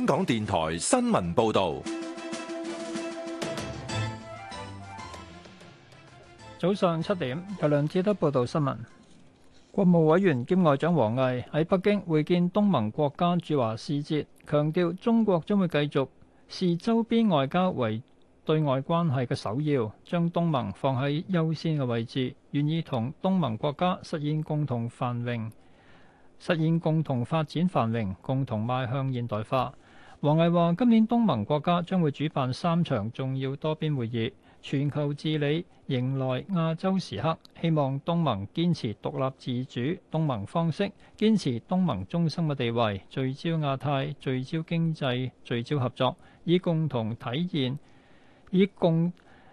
香港電台新聞報道，早上七點有梁志德報道新聞。國務委員兼外長王毅喺北京會見東盟國家駐華使節，強調中國將會繼續視周邊外交為對外關係嘅首要，將東盟放喺優先嘅位置，願意同東盟國家實現共同繁榮，實現共同發展繁榮，共同邁向現代化。王毅話：今年東盟國家將會主辦三場重要多邊會議，全球治理迎來亞洲時刻。希望東盟堅持獨立自主東盟方式，堅持東盟中心嘅地位，聚焦亞太，聚焦經濟，聚焦合作，以共同體現以共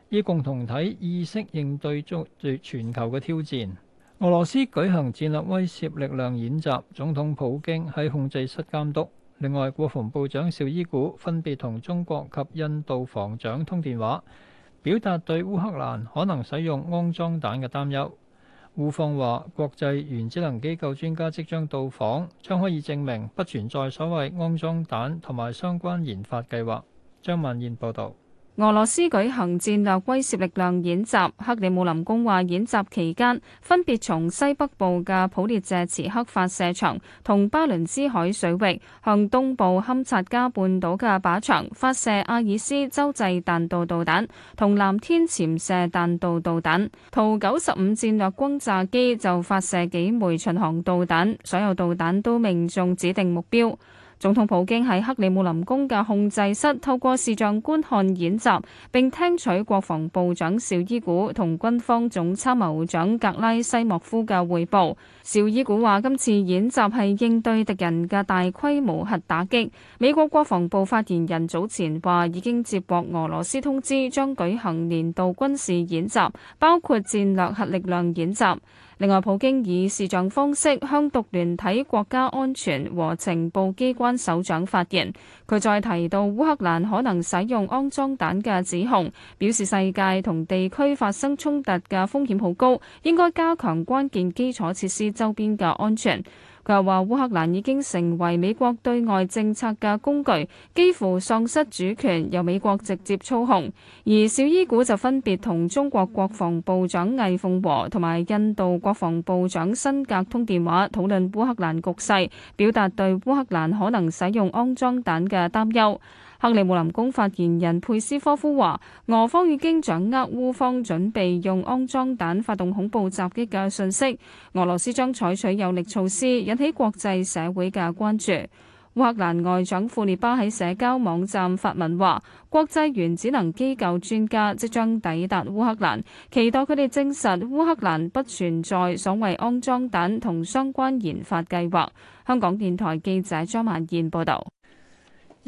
以共同體意識應對全全球嘅挑戰。俄羅斯舉行戰略威懾力量演習，總統普京喺控制室監督。另外，國防部長邵伊古分別同中國及印度防長通電話，表達對烏克蘭可能使用安裝彈嘅擔憂。互方話，國際原子能機構專家即將到訪，將可以證明不存在所謂安裝彈同埋相關研發計劃。張曼燕報導。俄羅斯舉行戰略威懾力量演習，克里姆林宮話演習期間，分別從西北部嘅普列謝茨克發射場同巴倫支海水域向東部堪察加半島嘅靶場發射阿爾斯洲際彈道導彈同藍天潛射彈道導彈，圖九十五戰略轟炸機就發射幾枚巡航導彈，所有導彈都命中指定目標。總統普京喺克里姆林宮嘅控制室透過視像觀看演習，並聽取國防部長邵伊古同軍方總參謀長格拉西莫夫嘅匯報。邵伊古話：今次演習係應對敵人嘅大規模核打擊。美國國防部發言人早前話已經接獲俄羅斯通知，將舉行年度軍事演習，包括戰略核力量演習。另外，普京以視像方式向獨聯體國家安全和情報機關首長發言，佢再提到烏克蘭可能使用骯髒彈嘅指控，表示世界同地區發生衝突嘅風險好高，應該加強關鍵基礎設施周邊嘅安全。又話烏克蘭已經成為美國對外政策嘅工具，幾乎喪失主權，由美國直接操控。而紹伊古就分別同中國國防部長魏鳳和同埋印度國防部長辛格通電話，討論烏克蘭局勢，表達對烏克蘭可能使用骯髒彈嘅擔憂。克里姆林宮發言人佩斯科夫話：俄方已經掌握烏方準備用安裝彈發動恐怖襲擊嘅信息，俄羅斯將採取有力措施引起國際社會嘅關注。烏克蘭外長庫列巴喺社交網站發文話：國際原子能機構專家即將抵達烏克蘭，期待佢哋證實烏克蘭不存在所謂安裝彈同相關研發計劃。香港電台記者張曼燕報道。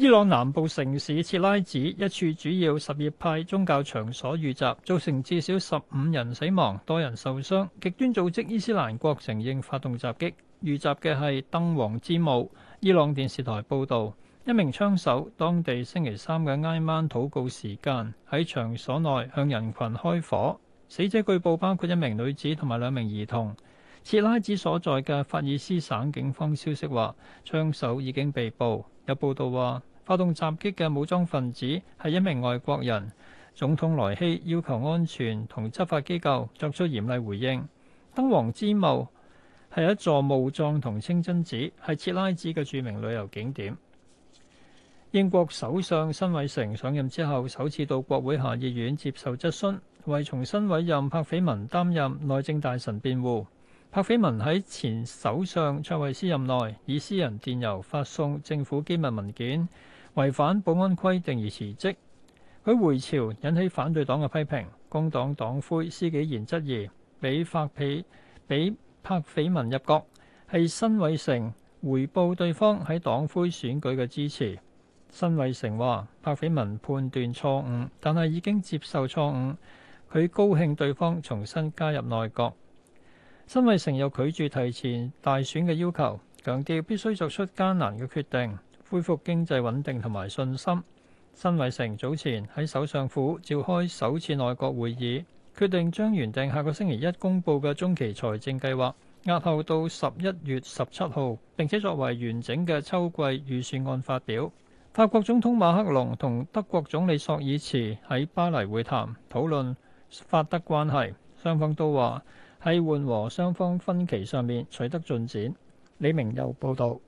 伊朗南部城市切拉子一處主要什葉派宗教場所遇襲造成至少十五人死亡，多人受傷。極端組織伊斯蘭國承認發動襲擊。遇襲嘅係燈王之墓。伊朗電視台報道，一名槍手當地星期三嘅挨晚禱告時間，喺場所內向人群開火。死者據報包括一名女子同埋兩名兒童。切拉子所在嘅法爾斯省警方消息話，槍手已經被捕。有報道話。發動襲擊嘅武裝分子係一名外國人。總統萊希要求安全同執法機構作出嚴厲回應。燈王之墓係一座墓葬同清真寺，係設拉子嘅著名旅遊景點。英國首相辛偉誠上任之後首次到國會下議院接受質詢，為重新委任柏斐文擔任內政大臣辯護。柏斐文喺前首相卓慧思任內以私人電郵發送政府機密文件，違反保安規定而辭職，佢回朝引起反對黨嘅批評。工黨黨魁施紀賢質疑，俾發屁俾柏斐文入閣係辛偉誠回報對方喺黨魁選舉嘅支持。辛偉誠話：柏斐文判斷錯誤，但係已經接受錯誤。佢高興對方重新加入內閣。辛偉誠又拒絕提前大選嘅要求，強調必須作出艱難嘅決定，恢復經濟穩定同埋信心。辛偉誠早前喺首相府召開首次內閣會議，決定將原定下個星期一公佈嘅中期財政計劃押後到十一月十七號，並且作為完整嘅秋季預算案發表。法國總統馬克龍同德國總理朔爾茨喺巴黎會談，討論法德關係，雙方都話喺緩和雙方分歧上面取得進展。李明又報導。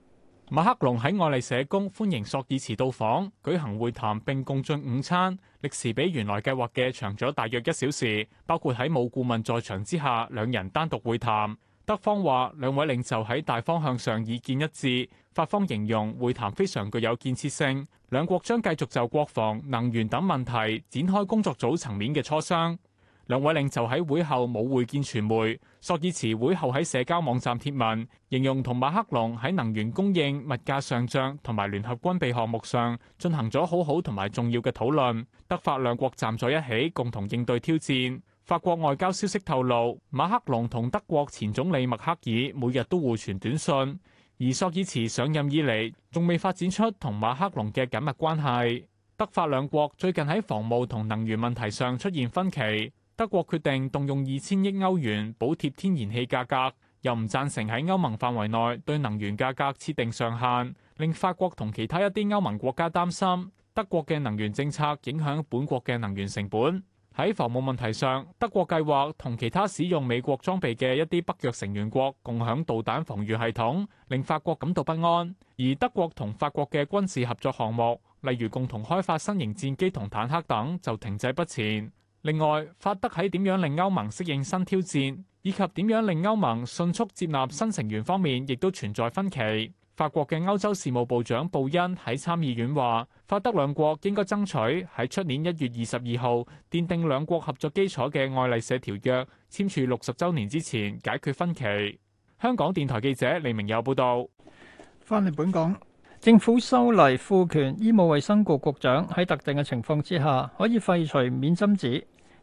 馬克龍喺愛麗舍宮歡迎索爾茨到訪，舉行會談並共進午餐，歷時比原來計劃嘅長咗大約一小時，包括喺冇顧問在場之下，兩人單獨會談。德方話兩位領袖喺大方向上意見一致，法方形容會談非常具有建設性，兩國將繼續就國防、能源等問題展開工作組層面嘅磋商。兩位領袖喺會後冇會見傳媒。索爾茨會後喺社交網站貼文，形容同馬克龍喺能源供應、物價上漲同埋聯合軍備項目上進行咗好好同埋重要嘅討論。德法兩國站在一起，共同應對挑戰。法國外交消息透露，馬克龍同德國前總理默克爾每日都互傳短信。而索爾茨上任以嚟仲未發展出同馬克龍嘅緊密關係。德法兩國最近喺防務同能源問題上出現分歧。德國決定動用二千億歐元補貼天然氣價格，又唔贊成喺歐盟範圍內對能源價格設定上限，令法國同其他一啲歐盟國家擔心德國嘅能源政策影響本國嘅能源成本。喺防務問題上，德國計劃同其他使用美國裝備嘅一啲北約成員國共享導彈防御系統，令法國感到不安。而德國同法國嘅軍事合作項目，例如共同開發新型戰機同坦克等，就停滯不前。另外，法德喺點樣令歐盟適應新挑戰，以及點樣令歐盟迅速接納新成員方面，亦都存在分歧。法國嘅歐洲事務部長布恩喺參議院話：法德兩國應該爭取喺出年一月二十二號，奠定兩國合作基礎嘅愛麗舍條約簽署六十週年之前解決分歧。香港電台記者李明友報導。翻嚟本港政府收嚟賦權醫務衛生局局長喺特定嘅情況之下，可以廢除免針紙。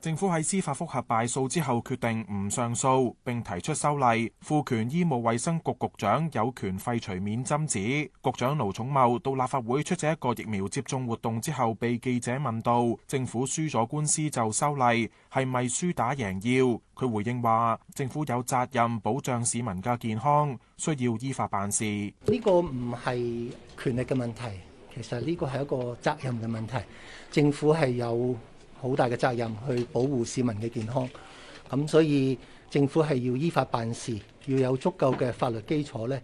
政府喺司法覆核敗訴之後，決定唔上訴，並提出修例。賦權醫務衛生局局長有權廢除免針紙。局長盧寵茂到立法會出席一個疫苗接種活動之後，被記者問到：政府輸咗官司就修例，係咪輸打贏要？佢回應話：政府有責任保障市民嘅健康，需要依法辦事。呢個唔係權力嘅問題，其實呢個係一個責任嘅問題。政府係有好大嘅責任去保護市民嘅健康，咁所以政府係要依法辦事，要有足夠嘅法律基礎咧，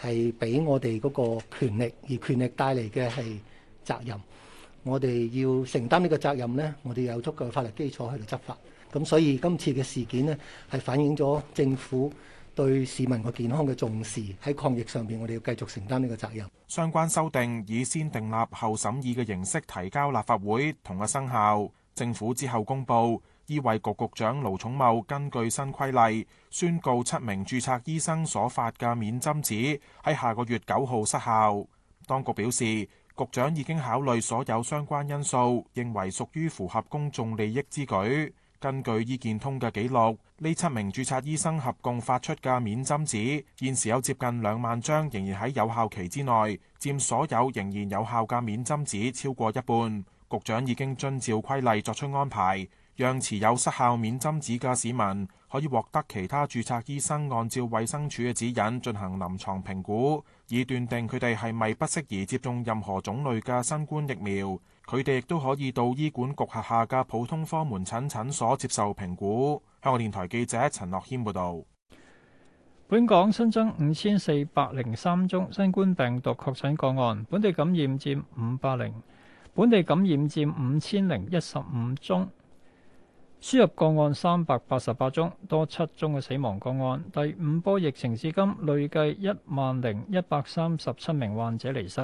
係俾我哋嗰個權力，而權力帶嚟嘅係責任我哋要承擔呢個責任咧，我哋有足夠嘅法律基礎去到執法。咁所以今次嘅事件咧，係反映咗政府對市民個健康嘅重視，喺抗疫上邊，我哋要繼續承擔呢個責任。相關修訂以先訂立後審議嘅形式提交立法會同啊生效。政府之後公布，醫衛局局長盧寵茂根據新規例，宣告七名註冊醫生所發嘅免針紙喺下個月九號失效。當局表示，局長已經考慮所有相關因素，認為屬於符合公眾利益之舉。根據醫健通嘅記錄，呢七名註冊醫生合共發出嘅免針紙，現時有接近兩萬張仍然喺有效期之內，佔所有仍然有效嘅免針紙超過一半。局長已經遵照規例作出安排，讓持有失效免針紙嘅市民可以獲得其他注冊醫生按照衛生署嘅指引進行臨床評估，以斷定佢哋係咪不適宜接種任何種類嘅新冠疫苗。佢哋亦都可以到醫管局轄下嘅普通科門診診所接受評估。香港電台記者陳樂謙報道。本港新增五千四百零三宗新冠病毒確診個案，本地感染佔五百零。本地感染佔五千零一十五宗，輸入個案三百八十八宗，多七宗嘅死亡個案。第五波疫情至今累計一萬零一百三十七名患者離世。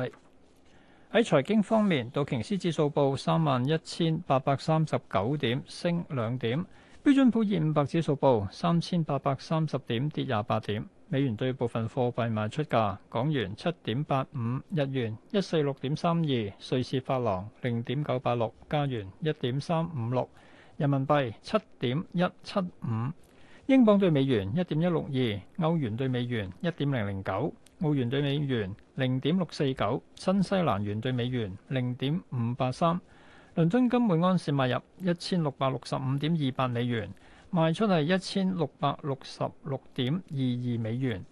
喺財經方面，道瓊斯指數報三萬一千八百三十九點，升兩點；標準普爾五百指數報三千八百三十點，跌廿八點。美元對部分貨幣賣出價：港元七點八五，日元一四六點三二，瑞士法郎零點九八六，加元一點三五六，人民幣七點一七五，英鎊對美元一點一六二，歐元對美元一點零零九，澳元對美元零點六四九，新西蘭元對美元零點五八三。倫敦金每安士賣入一千六百六十五點二八美元。賣出係一千六百六十六點二二美元。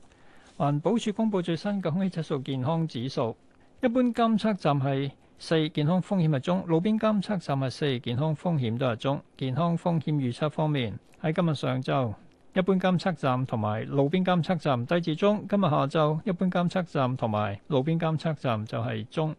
環保署公布最新嘅空氣質素健康指數，一般監測站係四，健康風險係中，路邊監測站係四，健康風險都係中。健康風險預測方面，喺今日上晝，一般監測站同埋路邊監測站低至中；今日下晝，一般監測站同埋路邊監測站就係中。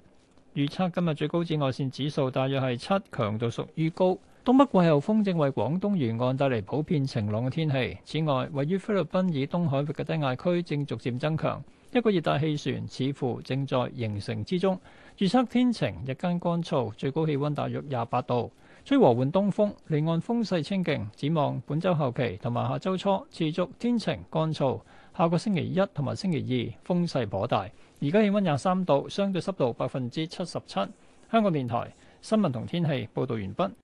預測今日最高紫外線指數大約係七，強度屬於高。東北季候風正為廣東沿岸帶嚟普遍晴朗嘅天氣。此外，位於菲律賓以東海域嘅低壓區正逐漸增強，一個熱帶氣旋似乎正在形成之中。預測天晴，日間乾燥，最高氣溫大約廿八度，吹和緩東風。離岸風勢清勁。展望本周後期同埋下周初持續天晴乾燥。下個星期一同埋星期二風勢頗大。而家氣溫廿三度，相對濕度百分之七十七。香港電台新聞同天氣報道完畢。